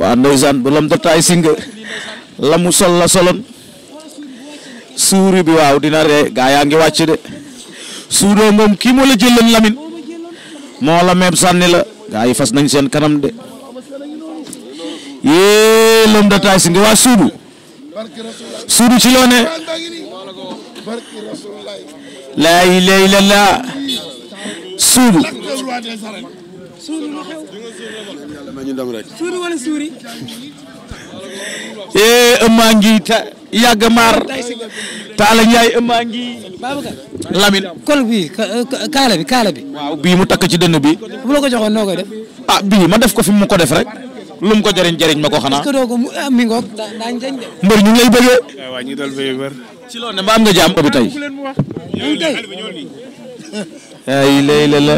waa ndeysaan bu lam dotaay singa la sol la solon suuri bi waaw dina ree gaa yaa ngi wàcc de suudoo moom kii moo la lamin moo la meeb sànni la gaa yi fas nañ seen kanam de yee lam dotaay singa waa suudu suudu ci loo ne laa ilaaha illallaah suudu suunu lu wala suuri. ëmmaa ngi ta yàgg maar Taala Njaay ëmmaa ngi lamin kol bi kaala bi kaala bi waaw bii mu takk ci dënn bi bu la ko joxoon noo koy ah, bii ma def ko fi mu ko def rek lu ko jëriñ jëriñ ma ko xanaa ah, mi ngoog mbër ñu ngi lay bëggee waaw ñu dal bëggee ci loolu ne bi tey ay lay la la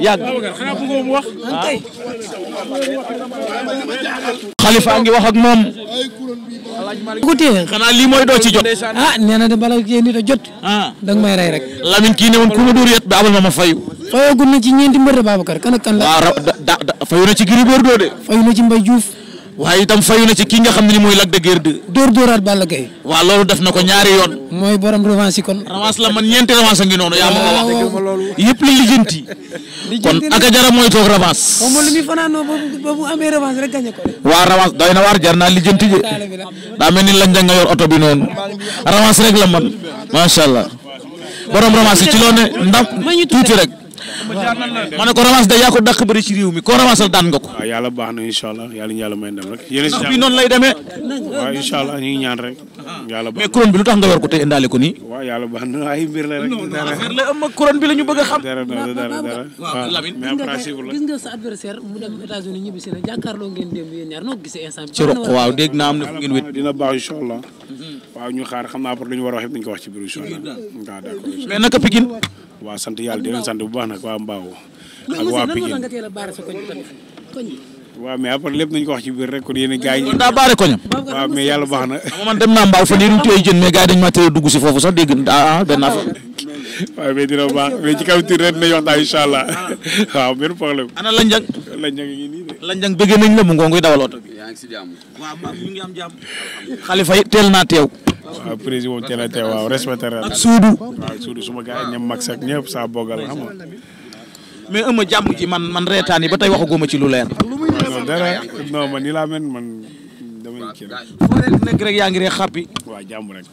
yàgg xalifa ngi wax ak moom kutee xanaa lii mooy doo ci jot ah nee na bala yéen nit a jot ah ma may rek Lamine kii ne woon ku ma dóor yet ba abal ma ma fayu fayoo gun na ci ñeenti mbër de Babacar kan ak kan la fayu na ci Gris Bordeaux de fayu na ci Mbaye Diouf waaye itam fayu na ci kii nga xam ne ni mooy Lac de Guiers 2. dóor dóoraat Balla Gaye. loolu def na ko ñaari yoon. mooy borom revanche kon. la man ñeenti revanche ngi noonu. yaa ma ko kon ak a jara mooy toog revanche. xaw ma lu ko. waa revanche doy na waar jar naa lijjanti je. daa mel ni lañ nga yor oto bi noonu. revanche rek la man macha allah. borom revanche ci loo ne ndam tuuti rek. ma ne ko revanche de yaa ko dàq bëri ci réew mi koo revanche daan nga ko. yàlla baax na incha yàlla ñu yàlla may ndam rek. a bi lu tax nga war ko te indaale ko ni waaw yàlla baax na ay mbir la rek. dara affaire la am couronne bi la ñu a xam. dara dara dara waaw Lamine gis na jàkkaarloo ngeen démb ci roq waaw dégg naa am na fu ngeen wét. dina baax incha allah. waaw ñu xaar xam naa pour lu ñu war a wax yëpp dañ ko wax ci biir incha naka Pikine waaw sant yàlla di sant bu baax nag waa Mbao ak waa Pikine waaw mais après lépp nañ ko wax ci biir rek ko yéen gars yi daa baare koñam waaw mais yàlla baax na man dem na Mbao fan yii duñ téye jën mais gars dañ ma téye dugg si foofu sax dégg ah, ah benn ah, affaire waaw mais dina baax mais ci kaw tur rek dinañ waxtaan incha allah waaw benn problème ana lañ jàng lañ jàng ngi nii de lañ jàng nañ la mu ngoo nguy dawal oto bi yaa ngi si jàmm waaw ñu ngi teel naa teew waa président moom teel a suudu suma gars yi ñoom mag sax ñëpp saa bogal xam nga. mais ëmb jàmm ji man man reetaan ba tey waxaguma ci lu leer. non dara non man nii laa mel man damay kii rek. foo leen nekk rek yaa ngi rek xàppi. waaw jàmm rek.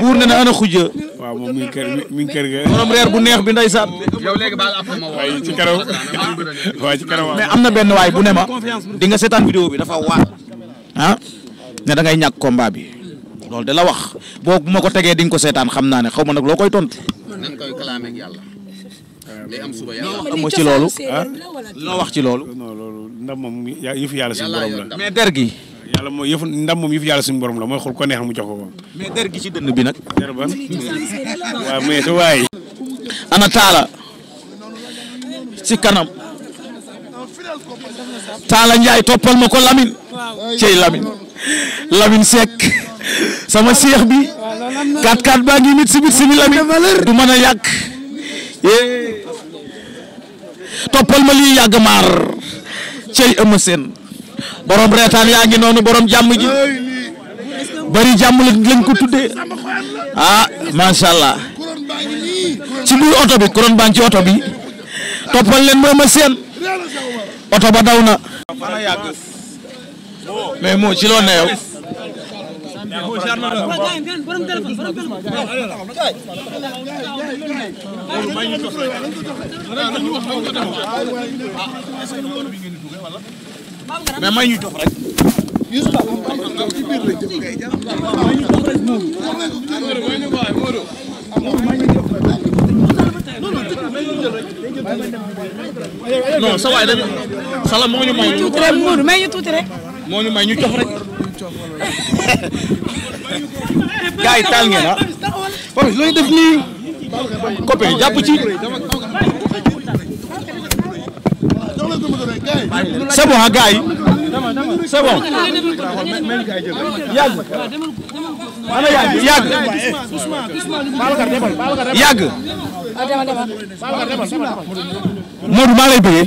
buur ne ana xuja. moom kër mi ngi ga. borom reer bu neex bi ndeysaan. yow léegi baal ma waaye ci karaw waaye ci am na benn waay bu ne ma seetaan vidéo bi dafa waat. ne da ngay ñàkk combat bi loolu de la wax boo bu ma ko tegee di ko seetaan xam naa ne xaw ma nag loo koy tontu. nañ koy kalaamee ak yàlla. day am suba yàlla amoo ci loolu ah? loo wax ci loolu. non loolu ndam moom yëfu yàlla suñu borom la. mais der gi. yàlla mooy yëfu ndam moom yëfu yàlla suñu la mooy xool ko neex mu jox ko ko. mais der gi ci dënn bi nag. der ba waaw mais sa waay. ana taala ci kanam. toppal ma ko Lamine. cey Lamine. Lamine Seck sama seex bi 4-4 baa ngi nit si bit si bi du mën a yàgg toppal ma lii yàgg maar cey Eumeu Sène reetaan yaa ngi noonu borom jàmm ji bari jàmm lañ ko tuddee ah macha allah ci biir oto bi couronne baa ci oto bi toppal leen ma Eumeu Sène ba daw na. mais moo ci loo ne yow. mais may ñu toog rek. Youssou Ba ci biir la jëm kay jàpp may ñu toog rek moom. non sa waay dañu. Salam moo ñu may. tuuti rek Mourou may ñu tuuti rek. moo ñu may ñu taal ngeen ah. Papis def nii. coppe ci. Ah, maa lay bëggee.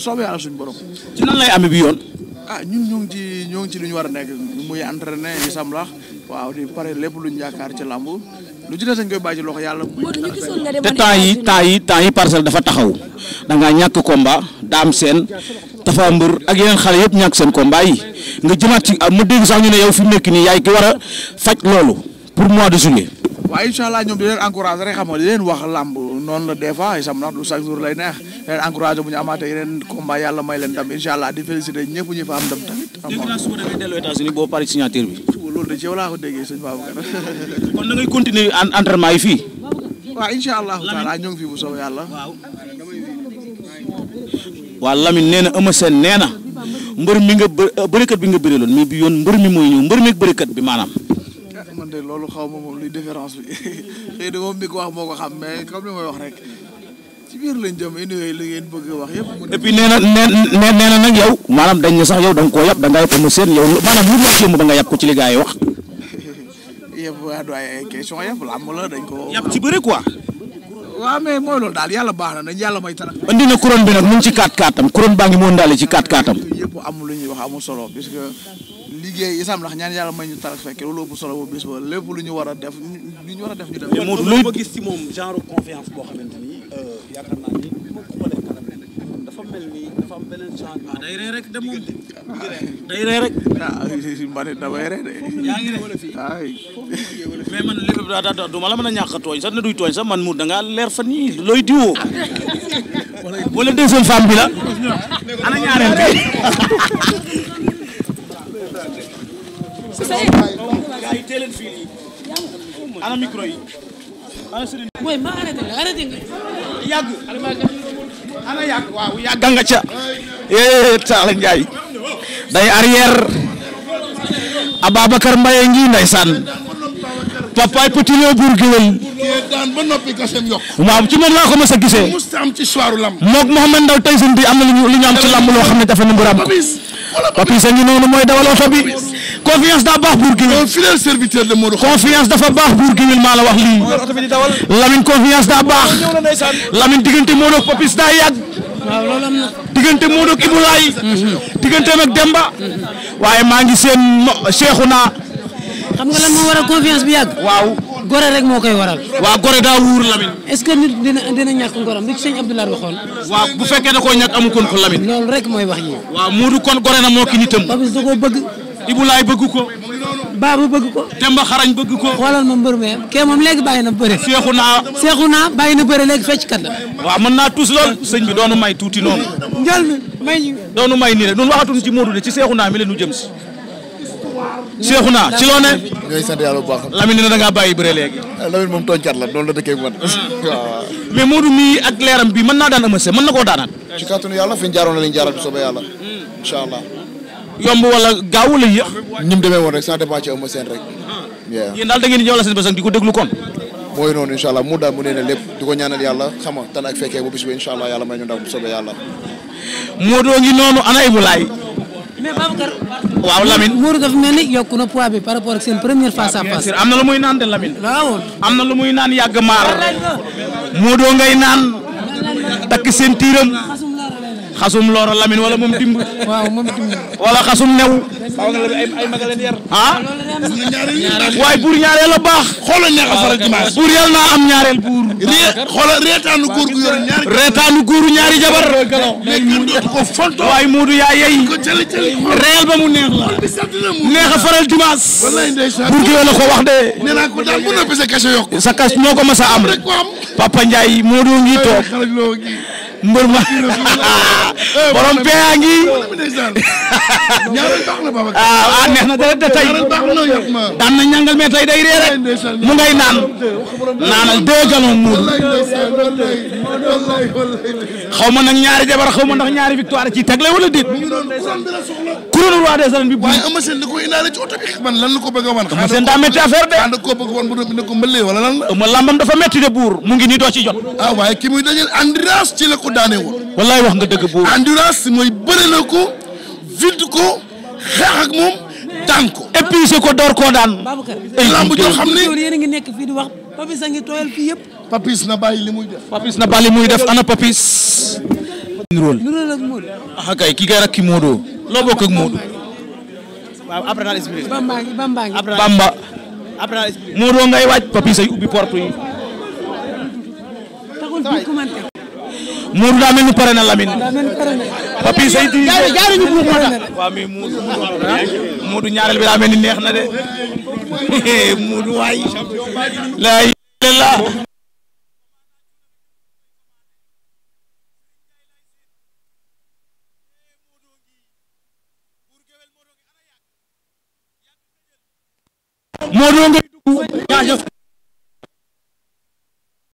soobee yàlla suñu borom. ci nan lay amee bi yoon. ah ñun ñoo ci ñoo ci lu ñu war a nekk muy entraîner yi sam lax waaw di pare lépp luñ yaakaar ci làmb lu ci des dañ koy bàyyi loxo yàlla. te temps yi temps yi temps yi parcelle dafa taxaw da ngaa ñàkk combat daam seen dafa mbër ak yeneen xale yëpp ñàkk seen combat yi nga jëmaat ci ah, ma dégg sax ñu ne yow fi nekk nii yaay ki war a faj loolu pour mois de juillet. waaw allah ñoom di leen encouragé rek xam nga di leen wax làmb noonu la des fois sam na lu chaque jour lay neex di leen encouragé bu ñu amaatee yeneen combat yàlla may leen ndam incha allah di félicité ñëpp ñu fa tamit. boo pare signature bi. loolu de ci yow a ko déggee sëñ Babacar. kon yi fii. waaw incha allahu taala ñoo ngi fi bu soobee yàlla. waa Lamine nee na Eumeu Sène nee na mbër mi nga bë bërikat bi nga bëri loon mais bi yoon mbër mi mooy ñëw mbër mi ak bërikat bi maanaam wante loolu xaw ma moom luy différence bi xëy na moom mi ko wax moo ko xam mais comme li may wax rek ci biir lañ jëm indi li ngeen bëgg wax yëpp. et puis na nee nee na nag yow maanaam dañ ne sax yow da nga koo yab da nga yab seen yow maanaam lu mu nga yab ko ci li gars yi wax. yëpp waa du ay question yëpp la am la dañ ko yab ci bëri quoi. waaw mais mooy loolu daal yàlla baax na nañ yàlla may tarak andi na couronne bi nag mu ngi ci 4-4 am couronne baa ngi mu ëndaale ci 4-4 lu ñuy wax amul solo puisque. liggéey yi isam ndax ñaan yàlla may ñu tarak fekke loolu ëpp solo bu bis ba lépp lu ñu war a def lu ñu war def ñu def lu ma moom genre confiance boo xamante ni euh, dafa mel ni dafa am beneen de moom ah, day rey rek ah, ah, fii mais man lépp ma la mën a ñàkk a tooñ sax ne duy tooñ sax man mu da leer fan yii looy diwoo wala deuxième femme bi la ana ñaareel bi gars yi teel leen fii nii ana micro yi ana sëriñ mooy ma arrêté nga arrêté nga ca eh Talla Ndiaye day arrière Ababacar Mbaye ngi ndeysaan papaay petit lion buur ba noppi gasem yokk waaw ci moom laa ko mës a gisee mës am ci soiru lamb mook Mohamed Ndaw Tyson bi am na lu ñu am ci lamb loo xam ne dafa na mbir am papis a ngi noonu mooy dawal oto bi confiance daa baax buur géwél. un fidèle serviteur de Modou. confiance dafa baax buur géwél maa la wax lii. Lamine confiance daa baax. Lamine diggante Modou ak Papis daa yàgg. waaw loolu am na. diggante Modou Demba. waaye maa ngi seen Cheikhouna. xam nga lan moo waral confiance bi yàgg. waaw gore rek moo koy waral. waaw gore daa wuur Lamine. est-ce que nit dina dina ñàkk ngoram li ci bu fekkee da koo ñàkk amu kon rek mooy wax yi. waaw Modou kon gore na moo ki nitam. bëgg. Ibulaay bëgg ko. Baabu bëgg ko. Demba Xarañ bëgg ko. xoolal ma mbër mi kee moom léegi bàyyi na bëre. seexu naa seexu naa bàyyi na bëre léegi fecc kat la. waaw man naa tuus lool sëñ bi doonu may tuuti noonu. njël mi may ñu. doonu may nii rek ñun ci Modou de ci seexu naa mi la ñu si. seexu naa ci loo ne. ngay sant yàlla bu baax. Lamine ne da ngaa bàyyi bëre léegi. Ah, Lamine moom tooñkat la noonu la dëkkee man. Ah. waaw mais ak leeram bi mën naa daan ëmb see mën na koo daanaat. yàlla fi la ñu jaaral yàlla hmm. incha yomb wala gaaw wala yéex. ni mu demee woon rek ça dépend ci Eumeu rek. yéen daal da di ñëw la seen bés di ko déglu kon. mooy noonu incha allah mu daal mu nee na lépp ñaanal yàlla xam nga fekkee bu bis bi incha allah yàlla may ñu ndaw bu soobee yàlla. Modou ngi noonu ana Ibulaay. waaw Lamine Modou dafa ah, ngay naan. takk seen tiiram. xasum loro Lamine wala moom dimb. waaw moom dimb. wala xasum new. waaw ah? waaye buur ñaareel a baax. xoolal neex a faral dimanche. buur yal naa am ñaareel buur. ree xoolal reetaanu ñaari. góoru ñaari jabar. mais kenn dootu ko fonto. waaye Moodu yaa yey. reel ba mu neex la. a faral ko wax de. nee naa ko daal sa kas ko mas a am. papa Ndiaye Moodu ngi toog. mbër ma borom eh, peyaa ngi ah, ah neex na dara de tey daan na ñàngal mais tey day ree rek mu ngay naan naanal deux gallons muur xaw ma nag ñaari jabar xaw ma ndax ñaari victoire ci tegle wala déet couronne roi des arènes bi. waaye Eumeu Sène da ko indaale ci oto bi man lan la ko a wan. Eumeu Sène daa métti affaire de. xaaral ko bëgg a wan bu ne ko lambam dafa métti buur mu ngi nii doo jot. ah waaye ki dajeel endurance ci la ko daaneewul. wallaay wax nga dëgg buur. endurance mooy bëre na ko vidde ko ak moom daan ko. épuisé ko door koo daan. lamb joo xam ne yéen ngi nekk fii di a ngi tooyal fii yëpp. papis na bàyyi li muy def. papis na bàyyi li muy def ana papis. nuróol nuróol ak Modou. ah kay ki kay loo bokk ak Moodu. Bamba Bamba Bamba. waaj papi say ubbi porte yi. taxul daa mel ni pare na Lamine. papi say di. jaay jaay bi daa mel ni neex na de Moodu waay. la.